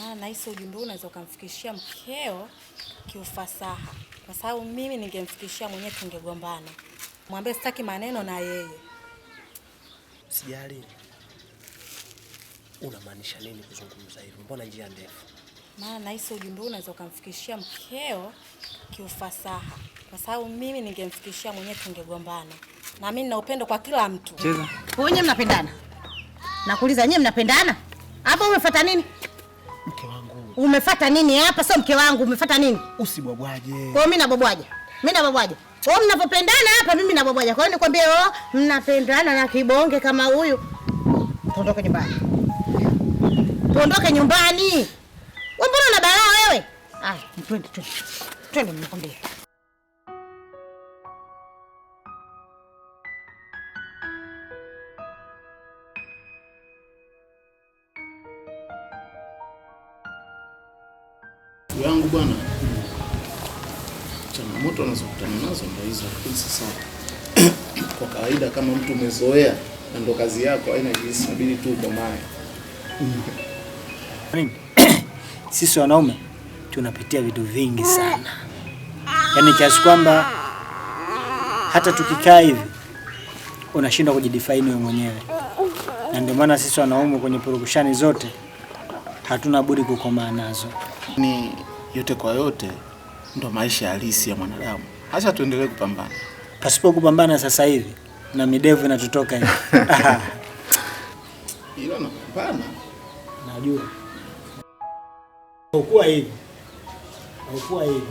maana nahisi ujumbe huu unaweza ukamfikishia mkeo kiufasaha, kwa sababu mimi ningemfikishia mwenyewe tungegombana. Mwambie sitaki maneno na yeye. Sijali unamaanisha nini kuzungumza hivyo, mbona njia ndefu? Maana nahisi ujumbe huu unaweza ukamfikishia mkeo kiufasaha, kwa sababu mimi ningemfikishia mwenyewe tungegombana, na mimi nina upendo kwa kila mtu. Cheza. Wewe mnapendana? Nakuuliza, nyewe mnapendana? Hapo umefuata nini? Umefata nini hapa? Sio mke wangu, umefata nini? Usibwabwaje. Kwa hiyo mimi nabwabwaje? Mimi nabwabwaje? Kwa mnapopendana hapa mimi nabwabwaje. Kwa hiyo nikwambie, oh, mnapendana na kibonge kama huyu. Tuondoke nyumbani. Tuondoke nyumbani. Wewe mbona una balaa wewe? Ah, twende twende. Twende nikwambie. bwana, changamoto anazokutana nazo ndio hizo, lakini sasa kwa kawaida kama mtu umezoea na ndo kazi yako haina jinsi, inabidi tu ukomae. Yaani, sisi wanaume tunapitia vitu vingi sana, yaani kiasi kwamba hata tukikaa hivi unashindwa kujidifaini wewe mwenyewe, na ndio maana sisi wanaume kwenye purukushani zote hatuna budi kukomaa nazo ni yote kwa yote ndo maisha halisi ya mwanadamu. Acha tuendelee kupambana. Pasipo kupambana sasa hivi na midevu inatutoka hivi. Ila napambana. Najua. Ukua hivi. Ukua hivi.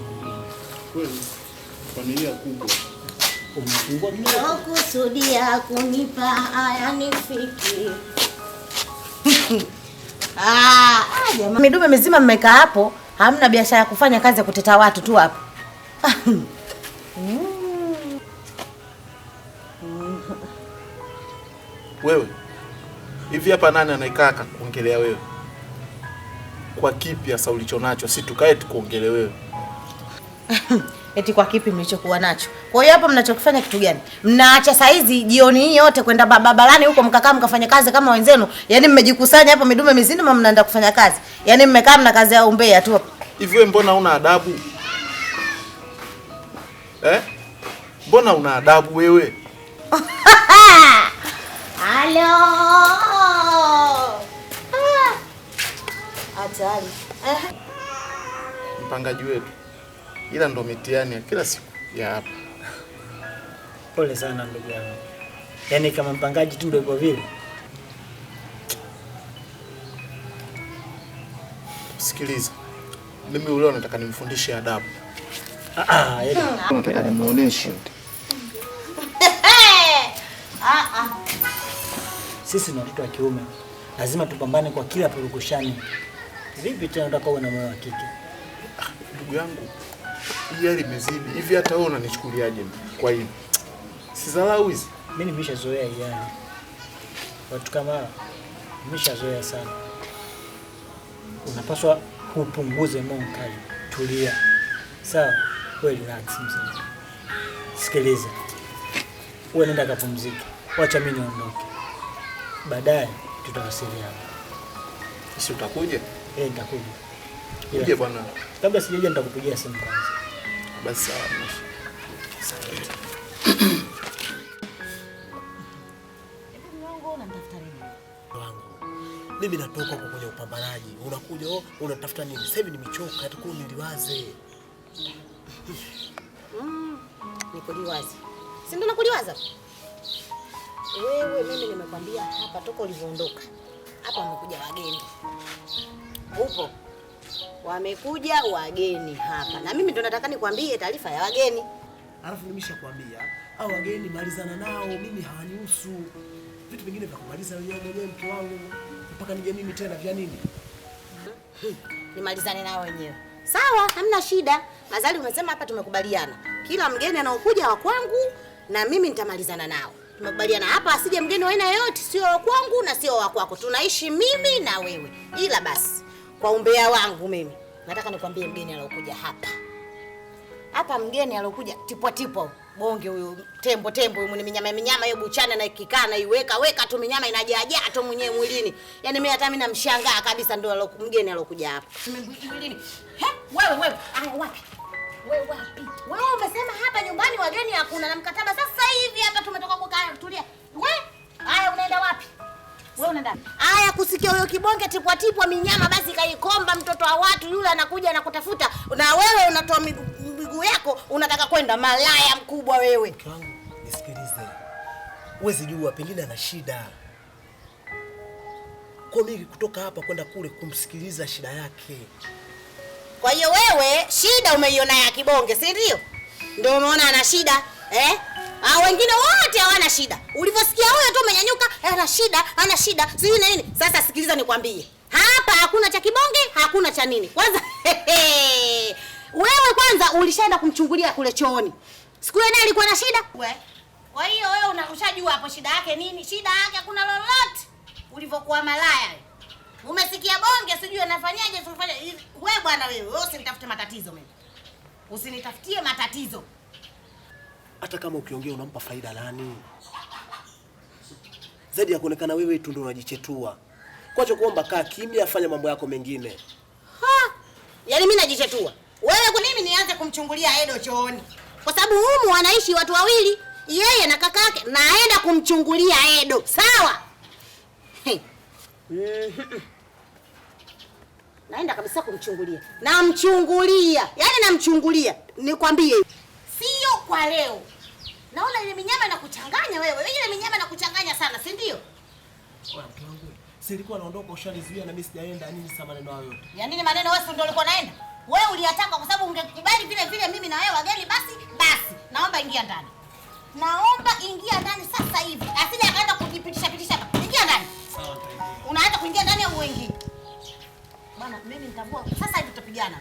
Kweli. Familia kubwa. Umefungua mimi. kunipa haya nifiki. Ah, ah, jamaa. Midume mizima mmekaa hapo hamna biashara ya kufanya kazi ya kuteta watu tu hapa. Ah. Wewe hivi hapa nani anaikaa kakuongelea wewe? Kwa kipi hasa ulicho nacho? Si tukae tukuongelee wewe eti kwa kipi mlichokuwa nacho? Kwa hiyo hapa mnachokifanya kitu gani? Mnaacha hizi jioni hii yote kwenda babalani huko mkakaa mkafanya kazi kama wenzenu. Yaani mmejikusanya hapo midume mizini mwa mnaenda kufanya kazi. Yaani mmekaa mna kazi ya umbea tu. Hivi wewe mbona una adabu? Eh? Mbona una adabu wewe? Halo. Ah! Hatari. Eh? Mpangaji wetu. Ila ndo mitiani ya kila siku ya hapa pole sana ndugu yangu, yaani kama mpangaji tu ndio vile. Sikiliza, mimi leo nataka nimfundishe adabu. Ah ah, yaani- nataka nimuoneshe. Ah ah, sisi ni watoto wa kiume, lazima tupambane kwa kila purukushani. Vipi tena unataka uwe na moyo wa kike? Ah, ndugu yangu, hii hali imezidi hivi, hata wewe unanichukuliaje kwa hivi? Sizalau hizi. Mimi nimeshazoea yani. Watu kama hawa nimeshazoea sana. Unapaswa kupunguza moyo mkali. Tulia. Sawa? Wewe relax mzee. Sikiliza. Wewe nenda kapumzike. Wacha mimi niondoke. Baadaye tutawasiliana. Sisi utakuja? Eh, nitakuja. Uje bwana. Kabla sijaja nitakupigia simu kwanza. Basi sawa. Sawa. mimi natoka huko kwenye upambanaji, unakuja oh, unatafuta nini? Sasa hivi nimechoka, atakuwa niliwaze. Mm, nikuliwaze. Si ndo nakuliwaza? Wewe mimi nimekwambia hapa toka ulivyoondoka. Hapa wamekuja wageni. Upo. Wamekuja wageni hapa. Na mimi ndo nataka nikwambie taarifa ya wageni. Alafu nimeshakwambia au wageni malizana nao, mimi hawanihusu. Vitu vingine vya kumaliza wenyewe mke wangu mpaka nije mimi tena, vya nini? Nimalizane nao wenyewe. Sawa, hamna shida. Mazali, umesema hapa tumekubaliana, kila mgeni anaokuja wa kwangu na mimi nitamalizana nao. Tumekubaliana hapa asije mgeni wa aina yoyote, sio wa kwangu na sio wa kwako. Tunaishi mimi na wewe, ila basi kwa umbea wangu mimi nataka nikwambie mgeni anaokuja hapa hapa mgeni alokuja tipwa tipwa bonge huyu tembo tembo huyu, ni minyama minyama hiyo, buchana na ikikaa na iweka weka tu minyama inajaajaa tu mwenyewe mwilini. Yani mimi hata mimi namshangaa kabisa, ndio mgeni alokuja hapa mwilini. He, wewe wewe, ah, wapi wewe, wapi wewe? Umesema hapa nyumbani wageni hakuna na mkataba sasa hivi hapa tumetoka kukaa tulia. Wewe Aya unaenda wapi? Aya, kusikia huyo kibonge tipwa tipwa minyama, basi kaikomba mtoto wa watu yule, anakuja na kutafuta, na wewe unatoa miguu yako unataka kwenda. Malaya mkubwa wewe. Mke wangu nisikilize, uwezi jua, pengine ana shida kwa mimi kutoka hapa kwenda kule kumsikiliza shida yake. Kwa hiyo wewe shida umeiona ya kibonge, si ndio? Ndio unaona ana shida eh? Ah, wengine wote hawana shida. Ulivyosikia huyo tu umenyanyuka, ana shida, ana shida, sijui na nini. Sasa sikiliza nikwambie. Hapa hakuna cha kibonge, hakuna cha nini. Kwanza wewe kwanza ulishaenda kumchungulia kule chooni. Siku ile alikuwa na shida? We. Kwa hiyo wewe unakushajua hapo shida yake nini? Shida yake hakuna lolote. Ulivyokuwa malaya. Umesikia bonge sijui anafanyaje, sifanye. Wewe bwana wewe, wewe usinitafute matatizo mimi. Usinitafutie matatizo hata kama ukiongea unampa faida nani? Zaidi ya kuonekana wewe tu ndio unajichetua. Kwacho kuomba, kaa kimya, fanya mambo yako mengine. Ha! Yaani mimi najichetua. Wewe kwa nini nianze kumchungulia Edo chooni? Kwa sababu humu wanaishi watu wawili, yeye na kakake, naenda kumchungulia Edo. Sawa? Naenda kabisa kumchungulia. Namchungulia. Yaani namchungulia. Nikwambie sio kwa leo. Naona ile minyama inakuchanganya wewe, ile minyama inakuchanganya sana, si ndio? Mke wangu, silikuwa naondoka, ushanizuia na mimi sijaenda. Nini sasa maneno hayo yote ya nini? Maneno wewe ndio ulikuwa naenda wewe, uliyataka kwa sababu ungekubali vile vile mimi na wewe wageni. Basi basi, naomba ingia ndani, naomba ingia ndani sasa hivi, Asili akaenda kujipitisha pitisha. Ingia ndani. Sawa, unaenda kuingia ndani au uingie? bwana? Mimi nitambua sasa hivi tutapigana.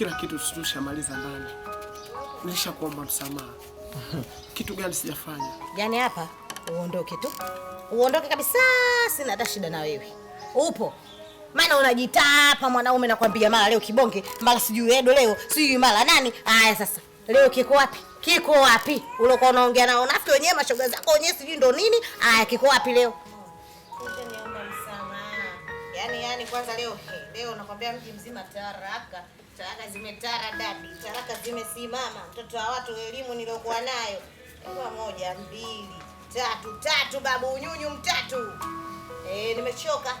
kila kitu tulishamaliza ndani, nilishakuomba msamaha. Kitu gani sijafanya? Yaani hapa uondoke tu, uondoke kabisa, sina hata shida na wewe upo maana unajitapa mwanaume, nakwambia, mara leo kibonge, mara sijui edo, leo sijui mara nani. Haya, sasa leo kiko wapi? Kiko wapi uliokuwa unaongea na Nafikiri wenyewe mashoga zako wenyewe sijui ndo nini. Haya, kiko wapi leo? Yani, yani kwanza leo, leo nakwambia mji mzima taraka Taraka zimetara dadi, taraka zimesimama. Mtoto wa watu, elimu niliokuwa nayo kwa moja mbili tatu tatu, babu unyunyu mtatu. E, nimechoka.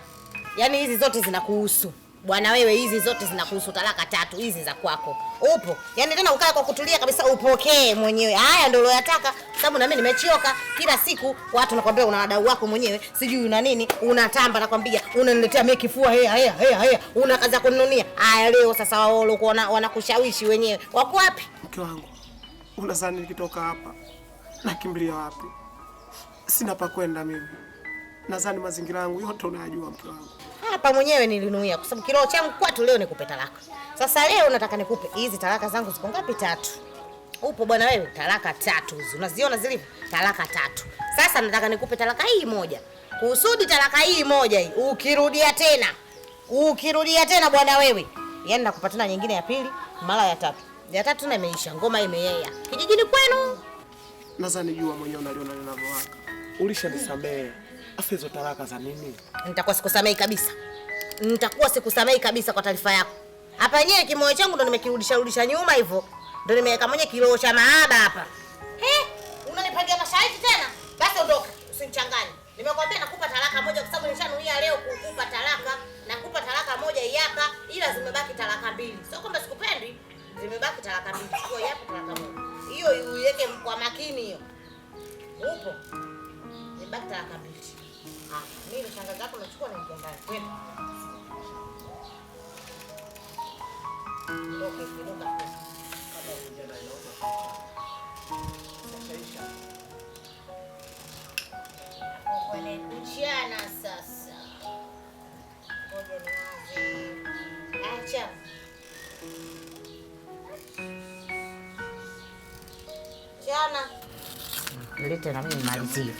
Yaani hizi zote zinakuhusu. Bwana wewe, hizi zote zinakuhusu. Talaka tatu hizi za kwako, upo yaani tena ukae kwa kutulia kabisa, upokee mwenyewe. Haya ndio uliyotaka, sababu na mimi nimechoka. Kila siku watu nakwambia, una wadau wako mwenyewe, sijui una nini, unatamba, nakwambia unaniletea mimi kifua, hea hea hea hea, unakaza kununia. Haya leo sasa, wao wako wanakushawishi, wenyewe wako wapi? Mke wangu, unadhani nikitoka hapa nakimbilia wapi? Sina pa kwenda mimi, nadhani mazingira yangu yote unayajua, mke wangu hapa mwenyewe nilinuia, kwa sababu kiroho changu kwatu, leo nikupe talaka. Sasa leo nataka nikupe hizi talaka zangu, ziko ngapi? Tatu. Upo bwana wewe, talaka tatu hizo unaziona zilivyo, talaka tatu. Sasa nataka nikupe talaka hii moja kusudi talaka hii moja hii ukirudia tena, ukirudia tena bwana wewe, yaani nakupatana nyingine ya pili, mara ya tatu. Ya tatu na imeisha, ngoma imeyeya. kijijini kwenu. Nadhani jua mwenyewe unaliona linavyowaka. Ulishanisamehe. Asa hizo talaka za nini? Nitakuwa sikusamei kabisa, nitakuwa sikusamei kabisa. Kwa taarifa yako hapa yenyewe kimoyo changu ndo nimekirudisha rudisha nyuma hivyo, ndo nimeweka mwenye kiroho cha maaba hapa. Eh, unanipangia masharti tena? Basi ondoka, usinichanganye. Nimekwambia nakupa talaka moja kwa sababu nishanuia leo kukupa talaka. Nakupa talaka moja hapa, ila zimebaki talaka mbili. Sio kwamba sikupendi, zimebaki talaka mbili. Sio iyaka talaka moja. Hiyo iweke kwa makini hiyo. Upo. Zimebaki talaka mbili. Mimi shanga zako nachukua na ndani. Kwenda. Ndoka Sasa Acha. Chana. Nilete na mimi malizie.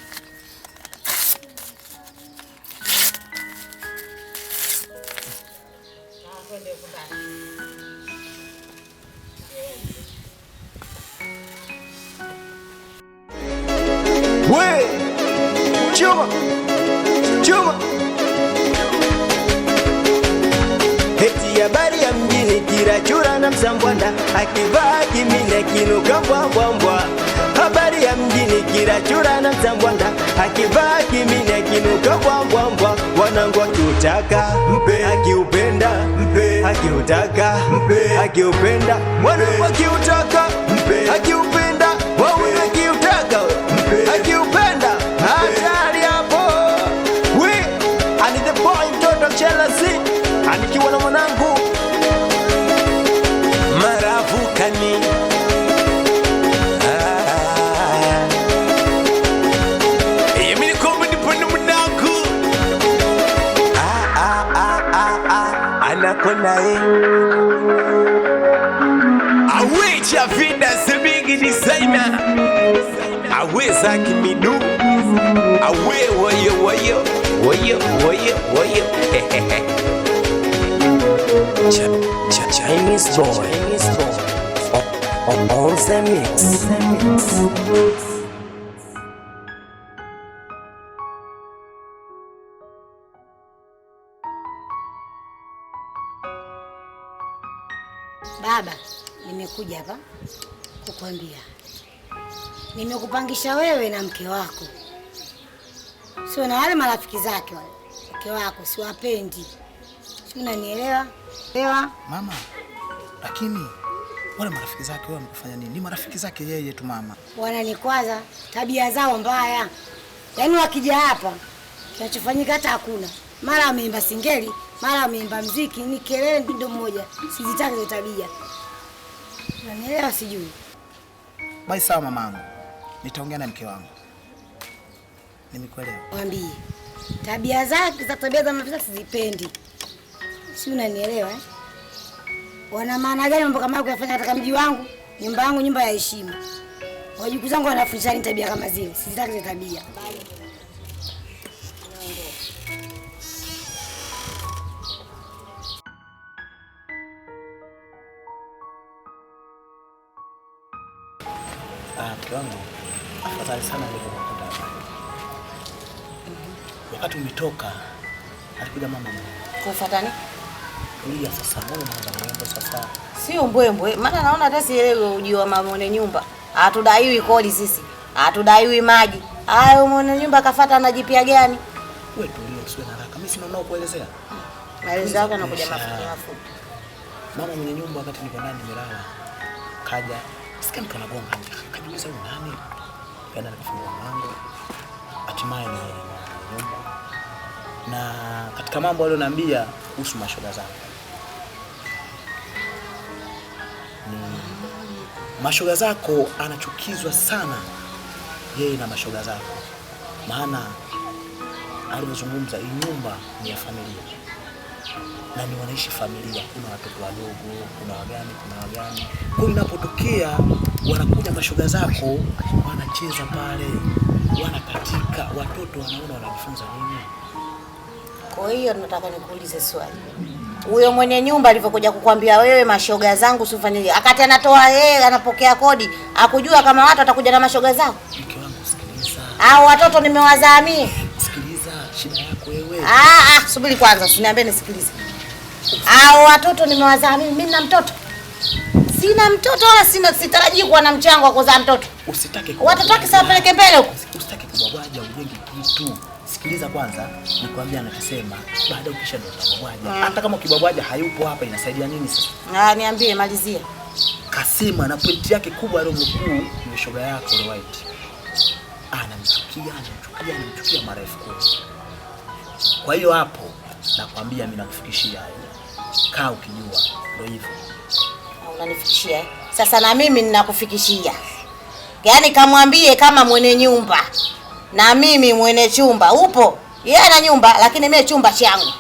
chura na mtambwanda akivaa kimine kinuka bwambwambwa wanangu akiutaka mpe akiupenda mpe akiutaka mpe akiupenda mwanangu akiutaka mpe akiupenda Oye, oye, oye. Chinese boy. Chinese boy. on the mix. On the mix. Baba, nimekuja hapa kukwambia, nimekupangisha wewe na mke wako sio na wale marafiki zake wale. Mke wako siwapendi, si unanielewa? Ewa mama, lakini wale marafiki zake wao wamefanya nini? Ni marafiki zake yeye tu mama. Wananikwaza, tabia zao mbaya, yaani wakija hapa kinachofanyika hata hakuna. Mara wameimba singeli, mara wameimba mziki, ni kelele ndio mmoja. Sijitaki hizo tabia, unanielewa? Sijui basi. Sawa mamangu, nitaongea na mke wangu. Nimekuelewa. Mwambie tabia zake za tabia za mafisa sizipendi, si unanielewa eh? Wana maana gani mambo kama kuyafanya katika mji wangu, nyumba yangu, nyumba ya heshima? wajuku zangu ni tabia kama zile, sizitaki zile tabia. Ah, mke wangu afadhali sana Tulitoka alikuja mama kufuatana kulia. Sasa wewe mwanza mwembe sasa, sio mbwembwe. Maana naona hata sielewi ujio wa mama mwenye nyumba. Hatudaiwi kodi sisi, hatudaiwi maji. Hayo mwenye nyumba kafata akafuata anajipia gani? Wewe tulia, usiwe na haraka. Mimi sina nao kuelezea. Maelezo hmm, yako yanakuja mafupi mafupi. Mama mwenye nyumba wakati niko ndani nimelala, kaja sikia mtu anagonga nje, kajiuliza huyu nani? Kaenda nikafungua mlango, hatimaye ni nyumba na katika mambo alionaambia kuhusu mashoga zangu mashoga zako, anachukizwa sana yeye na mashoga zako, maana alivyozungumza, hii nyumba ni ya familia na ni wanaishi familia, kuna watoto wadogo, kuna wagani, kuna wagani. Kwa inapotokea wanakuja mashoga zako wanacheza pale, wanakatika, watoto wanaona wanajifunza nini kwa hiyo nataka nikuulize swali, huyo mwenye nyumba alivyokuja kukwambia wewe, mashoga zangu sifanye, akati anatoa yeye anapokea kodi, akujua kama watu watakuja na mashoga zao? au watoto nimewazaa mie? Sikiliza, shida yako wewe. Ah, ah, subiri kwanza, usiniambie nisikilize. Au watoto nimewazaa mimi? Mimi na mtoto sina mtoto wala sina, sitarajii kuwa na mchango wa kuzaa mtoto. Usitake watoto wake, sawapeleke mbele huko, usitake kubwaja ujenge kitu sikiliza kwanza nikwambie anachosema, baada ukisha ndo utabwabwaja. Mm. Hata kama ukibwabwaja hayupo hapa, inasaidia nini sasa? Ah, niambie, malizia. kasima na pointi yake kubwa leo, mkuu ni shoga yako White. Anamchukia, anamchukia, anamchukia mara elfu kumi. Kwa hiyo hapo nakwambia mimi nakufikishia hayo. Kaa ukijua ndio hivyo. Unanifikishia? Eh? Sasa na mimi ninakufikishia. Yaani kamwambie kama mwenye nyumba na mimi mwene chumba upo, yeye ana nyumba lakini mimi chumba changu.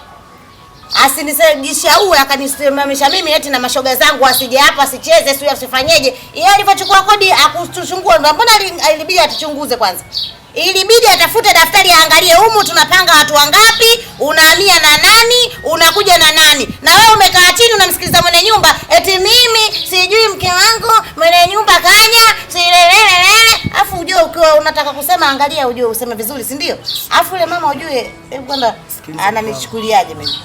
Asinisajishauri akanisimamisha mimi eti na mashoga zangu asije hapa asicheze, sio asifanyeje. Yeye alivyochukua kodi akutuchungua, mbona ilibidi atuchunguze kwanza? ilibidi atafute daftari aangalie, humu tunapanga watu wangapi, unahamia na nani, unakuja na nani. Na wewe umekaa chini unamsikiliza mwenye nyumba eti mimi sijui mke wangu mwenye nyumba kanya silelelele, afu ujue ukiwa unataka kusema, angalia ujue useme vizuri, si ndio? Afu yule mama ujue eh, kwamba ananichukuliaje mimi.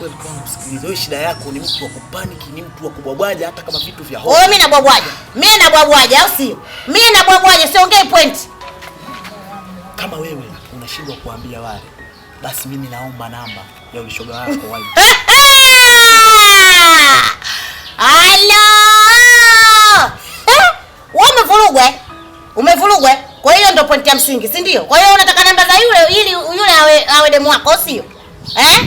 Msikilizaji, shida yako ni mtu wa kupaniki, ni mtu wa kubwabwaja, hata kama vitu vya hofu. Wewe mimi nabwabwaja, mimi nabwabwaja, au sio? Mimi nabwabwaja, siongei point kama wewe unashindwa kuambia wale, basi mimi naomba namba ya ushoga wako wale. Ala! Eh, wewe umevurugwa? Umevurugwa? Kwa hiyo ndio pointi ya msingi, si ndio? Kwa hiyo unataka namba za yule ili yule awe awe demu wako, sio? Eh?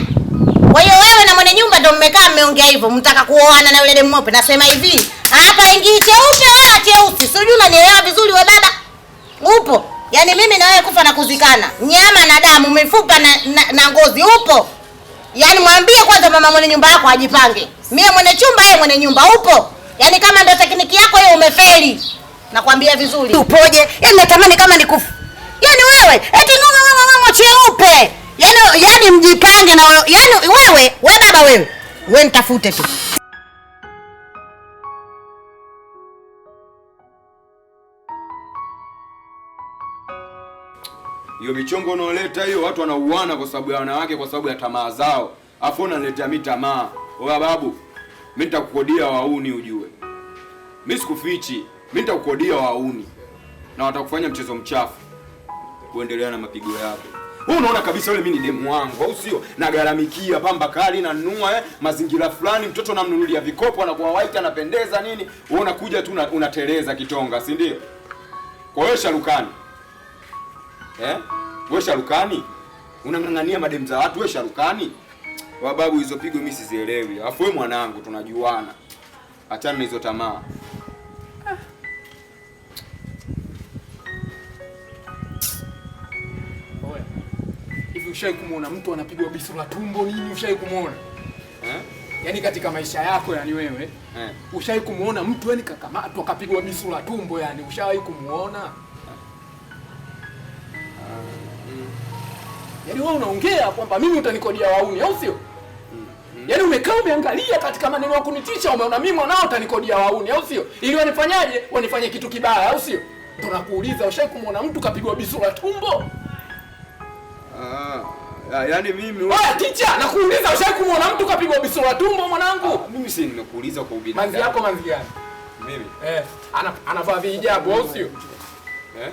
Kwa hiyo wewe na mwenye nyumba ndio mmekaa mmeongea hivyo, mtaka kuoana na yule demu mweupe. Nasema hivi, hapa ingii cheupe wala cheusi. Sijui unanielewa vizuri wewe baba. Upo? Yaani mimi na wewe kufa na kuzikana, nyama na damu, mifupa na, na, na ngozi upo. Yaani mwambie kwanza mama mwenye nyumba yako ajipange. Mimi mwenye chumba, yeye mwenye nyumba upo. Yaani kama ndio tekniki yako hiyo umefeli. Nakwambia vizuri. Upoje? Yaani natamani kama nikufa. Yaani wewe eti ngoma mama mama cheupe. Yaani yaani mjipange na wewe. Yaani wewe, wewe baba wewe. Wewe nitafute tu. hiyo michongo unaoleta hiyo, watu wanauana kwa sababu ya wanawake, kwa sababu ya tamaa zao, afu unaniletea mimi tamaa. wewe babu, mimi nitakukodia wauni ujue, mimi sikufichi, mimi nitakukodia wauni na watakufanya mchezo mchafu, kuendelea na mapigo yako. Wewe unaona kabisa yule mimi ni demu wangu, au sio? Nagaramikia pamba kali na nunua eh, mazingira fulani, mtoto namnunulia vikopo, anakuwa white, anapendeza nini, wewe unakuja tu unateleza kitonga, si ndio? Kwa hiyo sharukani eh? Wewe sharukani unang'ang'ania mademu za watu, wewe sharukani wababu. Hizo pigo mimi sizielewi, Alafu we mwanangu, tunajuana, achana na hizo tamaa. Hivi kumwona mtu anapigwa bisu la tumbo nini? Ushai kumwona eh? Yaani katika maisha yako yani wewe eh? Ushai kumwona mtu yani kakamatwa kapigwa bisu la tumbo yani, ushawai kumwona? Yaani wewe unaongea kwamba mimi utanikodia wauni au sio? Yaani umekaa umeangalia katika maneno ya kunitisha umeona mimi mwanao utanikodia wauni au sio? Ili wanifanyaje? Wanifanye kitu kibaya au sio? Ndio nakuuliza, ushawahi kumwona mtu kapigwa bisu la tumbo? Ah, ah yaani mimi wewe ticha, nakuuliza ushawahi kumwona mtu kapigwa bisu la tumbo mwanangu? Ah, mimi si nimekuuliza kwa ubinadamu. Manzi yako manzi gani? Mimi. Eh, anavaa vihijabu au sio? Eh?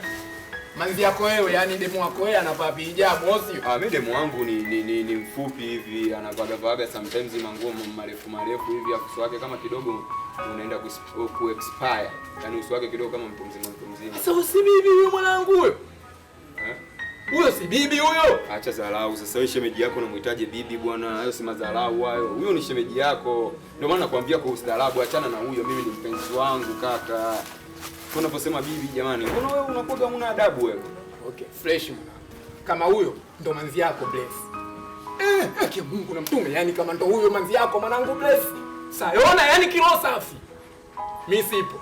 Manzi yako wewe, yani demu wako wewe anavaa hijabu au sio? Ah, mimi demu wangu ni ni, ni, ni mfupi hivi, anavaga vaga sometimes manguo marefu marefu hivi, uso wake kama kidogo unaenda ku ku expire. Yaani uso wake kidogo kama mtu mzima mtu mzima. Sasa si bibi huyo mwanangu huyo. Eh? Huyo si bibi huyo. Acha dharau. Sasa wewe shemeji yako unamhitaji bibi bwana, hayo si madharau hayo. Huyo ni shemeji yako. Ndio maana nakwambia kwa usidharau, achana na huyo. Mimi ni mpenzi wangu kaka unaposema bibi, jamani, mbona wewe unakuwa una adabu wewe? Okay, fresh mwana. Kama huyo ndo manzi yako Bless. Eh, aki Mungu na mtume, yani kama ndo huyo manzi yako mwanangu Bless. Sayona, yani kilo safi. Mimi sipo.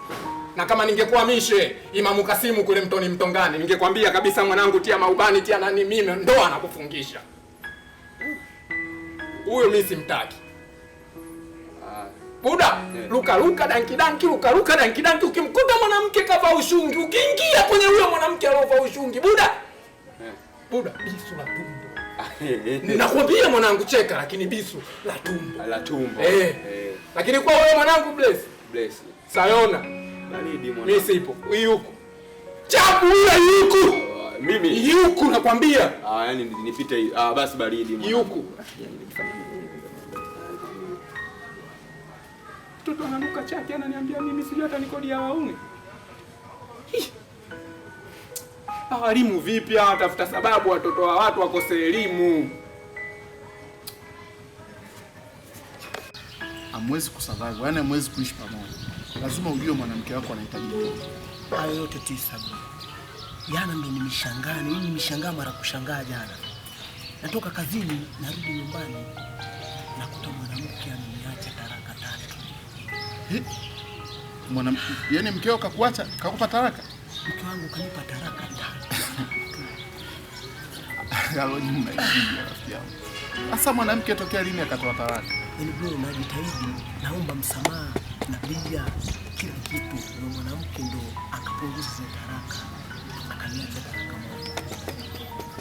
Na kama mishe Imamu Kasimu kule mtoni mtongani, ningekwambia kabisa mwanangu, tia maubani, tia nani, mimi ndo anakufungisha. Huyo mimi simtaki buda luka luka danki danki luka luka danki danki. Ukimkuta mwanamke kavaa ushungi, ukiingia kwenye huyo mwanamke aliovaa ushungi buda buda, bisu la tumbo. Ninakwambia mwanangu, cheka, lakini bisu la tumbo la tumbo eh. eh. Lakini kwa wewe mwanangu, bless bless sayona baridi mwanangu, mimi sipo yuko chapu huyo yuko oh, mimi yuko, nakwambia ah, yani nipite ah, basi baridi mwanangu yuko yani, ananuka chake, ananiambia mimi sijui hata ni kodi ya waume. Walimu vipi? Watafuta sababu watoto wa watu wakose elimu. Amwezi kusurvive, yaani amwezi kuishi pamoja. Lazima ujue mwanamke wako anahitaji nini. Hayo yote tu sababu. Jana ndo nimeshangaa, mimi nimeshangaa mara kushangaa jana. Natoka kazini narudi nyumbani nakuta mwanamke Mwana, yani mkeo kakuacha, kakupa taraka? Mke wangu kanipa taraka Sasa mwanamke tokea lini akatoa taraka? Yaani bro, najitahidi, naomba msamaha, napiga kila kitu, na mwanamke ndo akapunguza zile taraka, akaniacha taraka moja,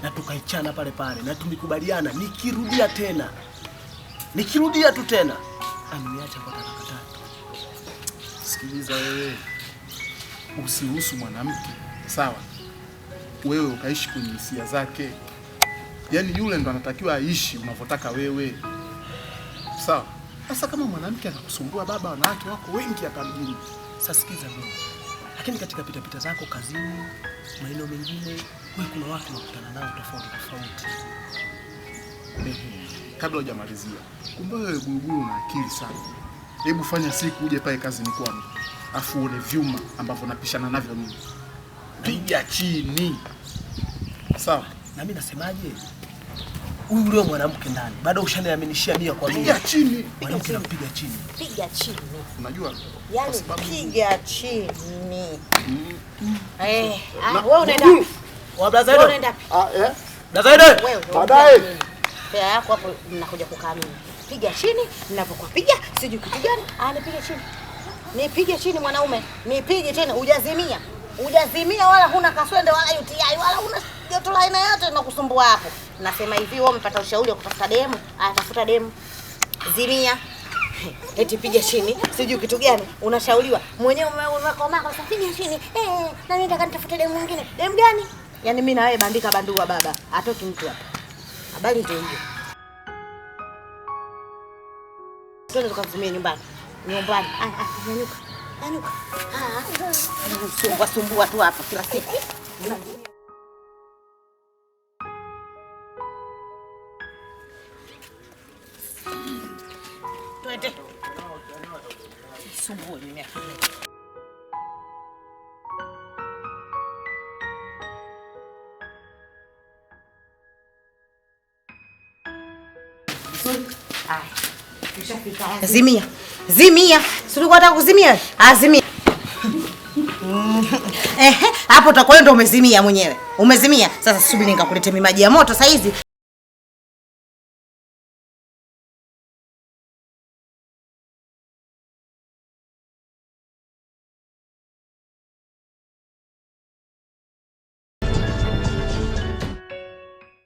na tukaichana pale pale, na tumekubaliana nikirudia tena, nikirudia tu tena, ameniacha kwa taraka tatu sikiliza wewe, usihusu mwanamke sawa, wewe ukaishi kwenye hisia zake, yaani yule ndo anatakiwa aishi unavyotaka wewe, sawa. Sasa kama mwanamke anakusumbua baba, wanawake wako wengi hapa mjini. sasikiza mimi, lakini katika pitapita zako kazini, maeneo mengine, wewe kuna watu unakutana nao tofauti tofauti. Kabla hujamalizia, kumbe wewe Gulugulu na akili sana hebu fanya siku uje pale kazini kwangu, afu uone vyuma ambavyo napishana navyo mimi, piga chini. Sawa na mimi nasemaje, huyu leo mwanamke ndani bado ushaniaminishia mia kwa mia, piga chini, mwanamke nampiga chini, piga chini, unajua yani piga chini. Mm. Eh, ah, wewe unaenda wapi? Unaenda ah, eh? wapi? Baadaye yako hapo mnakuja kukaa mimi piga chini, ninapokupiga sijui kitu gani, anipige ah, chini, nipige chini mwanaume, nipige tena, ujazimia ujazimia, wala huna kaswende wala UTI wala huna joto la aina yote linakusumbua hapo. Nasema hivi, wewe umepata ushauri wa kutafuta demu? Atafuta demu, zimia Eti piga chini, sijui kitu gani unashauriwa mwenyewe umekomaa. Sasa piga chini eh, na mimi nataka nitafute demu mwingine. Demu gani? Yaani mimi na wewe bandika bandua, baba atoki mtu hapa. Habari ndio hiyo. Sasa tukavumia nyumbani. Nyumbani. Ah ah, nyanyuka. Nyanyuka. Ah. Sumbua sumbua tu hapa kila siku. Twende. Sumbua Zimia. Zimia. Sikuwa nataka kuzimia. Azimia. Ah, Ehe, hapo utakuwa ndio umezimia mwenyewe. Umezimia. Sasa subiri nikakuletea maji ya moto saizi hizi